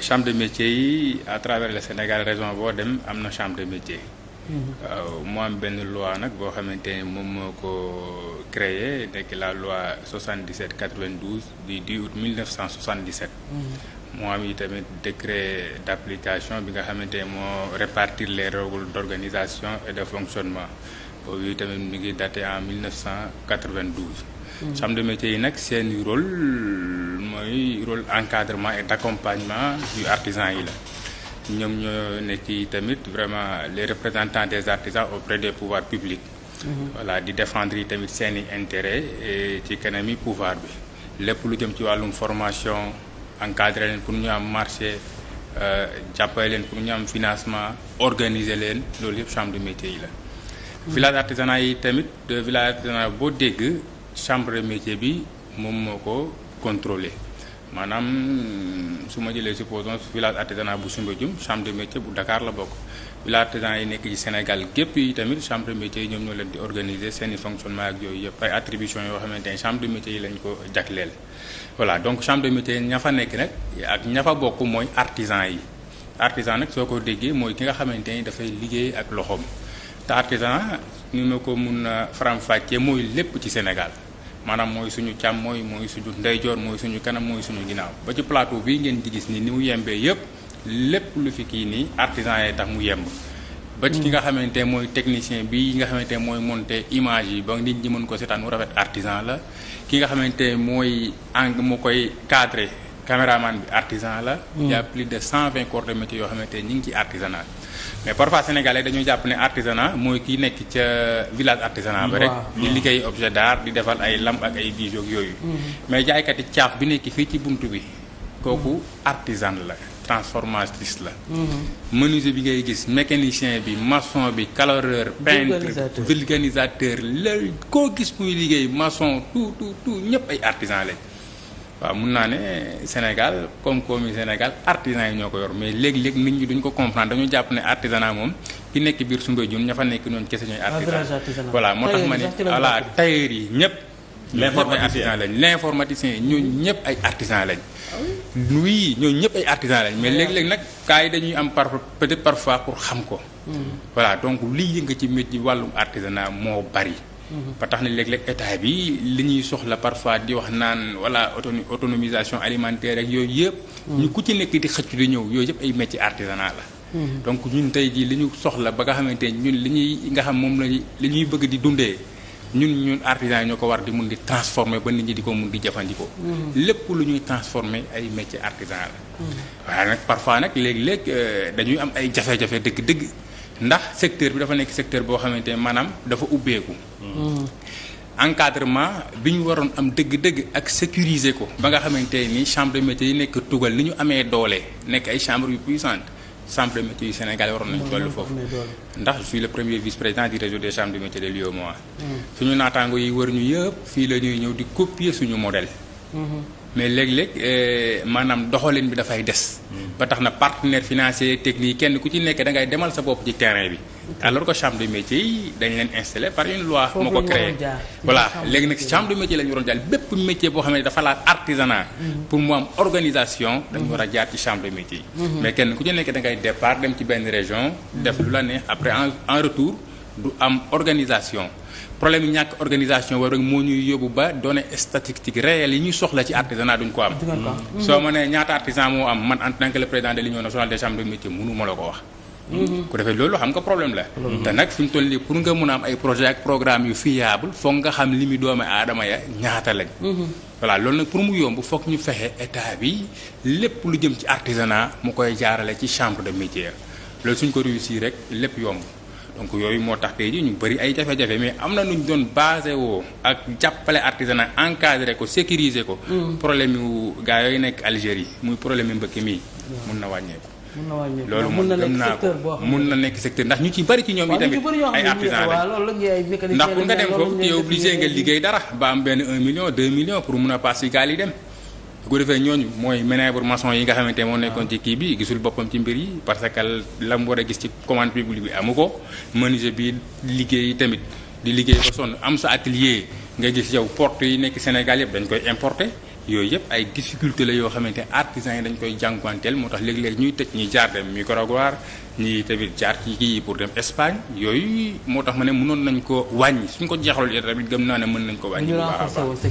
chambre de métier yi à travers le Sénégal raison boo dem am na chambre de métier. waaw mhm. euh, mu am benn loi nag boo xamante ne moom moo ko créé nekk la loi 77 92 du 10 août 1977. moo mhm. am itamit tamit d' application bi nga xamante ne moo répartir les règles d' organisation et de fonctionnement boobu itamit mi ngi daté en 1992. chambre de métiers yi nag seeni rôle mooy rôle encadrement et d'accompagnement yu artisans yi la ñoom ñoo nekk yi tamit vraiment les représentant des artisans auprès des pouvoirs publics mhm. voilà di défendre yi tamit seeni e ci kanami pouvoir bi lépp lu jëm ci wàllum formation encadrer leen pour ñu am marché euh, jàppale leen pour ñu am financement organiser leen loolu yëpp chambre de métier yi la mhm. village artisanat yi tamit village artisanat boo dégg chambre de métier bi moom moo ko contrôler maanaam su ma jëlee supposons village artisanat bu Soumbédioune chambre de métier bu Dakar la bokk village artisanat yi nekk ci Sénégal gépp yi tamit chambre de métier yi ñoom ñoo leen di organiser seen i ak yooyu yëpp ay attribution yoo xamante ne chambre de ko jagleel. voilà donc chambre de métier ña fa nekk rek ak ña fa bokk mooy artisan yi artisan nag soo ko déggee mooy ki nga xamante ni dafay liggéey ak loxoom te artisan ñu ma ko mun na faram-fàccee mooy lépp ci Sénégal. maanaam mooy suñu càmmooñ mooy suñu ndeyjoor mooy suñu kanam mooy suñu ginnaaw ba ci plateau bii ngeen di gis ni ni mu yembee yëpp lépp lu fi kii nii artisan yee tax mu yemb ba ci ki hmm. nga xamante mooy technicien bi nga xamante mooy monter image yi ba nit ñi mën ko seetaan mu rafet artisan la ki nga xamante mooy ang mu koy cadré caméraman bi artisan la. Mm. y a plus de cent vingt corps de métier yoo xamante ñi ngi ci artisanat mais parfois sénégalais dañu jàpp ne artisanat mooy kii nekk ca village artisanat ba rek. di liggéey objet d'art di defal ay lam ak ay bijoux yooyu. Mm-hmm. mais jaaykat yi caaf bi nekk fii ci bunt bi kooku artisan la. transformatrice la. Mm-hmm. menuisier bi ngay gis mécanicien bi mason bi caloreur. peintre vulcanisateur la koo gis muy liggéey maçon tout tout tout ñëpp ay artisan lañ. waaw mun naa ne Sénégal koom-koom yi Sénégal artisans yi ñoo ko yor mais léeg-léeg nit ñi duñ ko comprendre dañu jàpp ne artisanat moom ki nekk biir Soumbédioune ña fa nekk noonu kese ñooy artisan voilà moo tax ma ne voilà ñëpp l'informaticien lañ l'informaticien yi ñoo ñëpp ay artisan lañ oui ñoo ñëpp ay lañ mais léeg-léeg nag cas yi dañuy am par peut-être parfois pour xam ko hmm. voilà donc liy yëng ci métier wàllum artisanat moo bari ba tax na léeg-léeg état bi li ñuy soxla parfois di wax naan wala autonomisation alimentaire ak yooyu yëpp. Mm. ñu ku ci nekk di xëcc di ñëw yooyu yëpp ay métier artisanat la. Mm. donc ñun tey jii li ñu soxla ba nga xamante ni ñun li ñuy nga xam moom lañuy li ñuy bëgg di dundee. ñun ñun artisan yi ñoo ko war di mun di transformer ba nit ñi di ko mun di jëfandikoo. Mm. lépp lu ñuy transformer ay métier artisan la. waaye nag parfois nag léeg-léeg euh, dañuy am ay jafe-jafe dëgg-dëgg. ndax secteur bi dafa nekk secteur boo xamante ne maanaam dafa ubbeeku. Mm. encadrement bi ñu waroon am dëgg-dëgg ak sécuriser ko. ba nga xamante ni chambre de métier yi nekk tugal ni ñu amee doole nekk ay chambre yu puissante chambre de métier yu Sénégal waroon nañu toll foofu. Mm. ndax je le premier vice-président du réseau des chambres de métier de l'UEMOA. Mm. suñu naataango yi wër ñu yëpp fii la ñuy ñëw di copier suñu modèle. Mm-hmm. mais léeg-léeg euh, maanaam doxalin bi dafay des. Hmm. ba tax na partenaire financier technique kenn ku ci nekke dangay ngay demal sa bopp ci terrain bi. alors que chambre de métier yi dañ leen installé par une loi. moo ko créé voilà léegi nag chambre de métier la ñu waroon jaar bépp métier ne dafa laal artisanat. Hmm. pour mu am organisation. dañu hmm. war a jaar ci chambre de métier yi. mais kenn ku ci nekk da ngay départ dem ci benn région. def lu la neex après en en retour du am organisation. problème yi ñàkk organisation war moo ñuy yóbbu ba données statistiques réelles yi ñuy soxla ci artisanat duñ ko am. Mm. soo ma nee ñaata artisan moo am man en tant que le président de l' union nationale des chambres de métiers mënu ma la ko wax. Mm-hmm. ku defee loolu xam nga problème la. Mm-hmm. te nag fi mu toll nii pour nga mun am ay projet ak programme yu fiable foog nga xam li mu doomu aadama ya ñaata lañ. Mm-hmm. voilà loolu nag pour mu yomb foog ñu fexe état bi lépp lu jëm ci artisanat mu koy jaarale ci chambre de métier loolu suñ ko réussir rek lépp yomb. donc yooyu moo tax tey ji ñu bëri ay jafe-jafe mais am na nu ñu doon basé woo ak jàppale artisanat encadré ko sécuriser ko. Mm. problème yu gaa yooyu nekk Algérie muy problème yu mbëkk mii. Mm. mun na wàññeeku. mun na wàññeeku loolu mun na nekk secteur boo xam mun ndax ñu ci bëri ci ñoom. yi tamit ay artisan lañ ndax bu nga dem foofu te obligé nga liggéey dara ba am benn 1 million 2 millions pour mun a pass si gaal yi dem. bu ko defee ñooñu mooy ménèbre maçon yi nga xamante moo nekkoon ci kii bi gisul boppam ci mbir yi parce que la mu war a gis ci commande publique bi amu ko menuisier bi liggéey tamit di liggéey ba sonn am sa atelier nga gis yow porte yi nekk Sénégal yëpp dañ koy importer yooyu yëpp ay difficulté la yoo xamante artisans yi dañ koy jànkuwanteel moo tax léeg-léeg ñuy tëj ñuy jaar dem Nicaragua ñi tamit jaar ci kii pour dem Espagne yooyu moo tax ma ne mënoon nañ ko wàññi suñ ko jeexalool naa ne mën nañ ko wàññi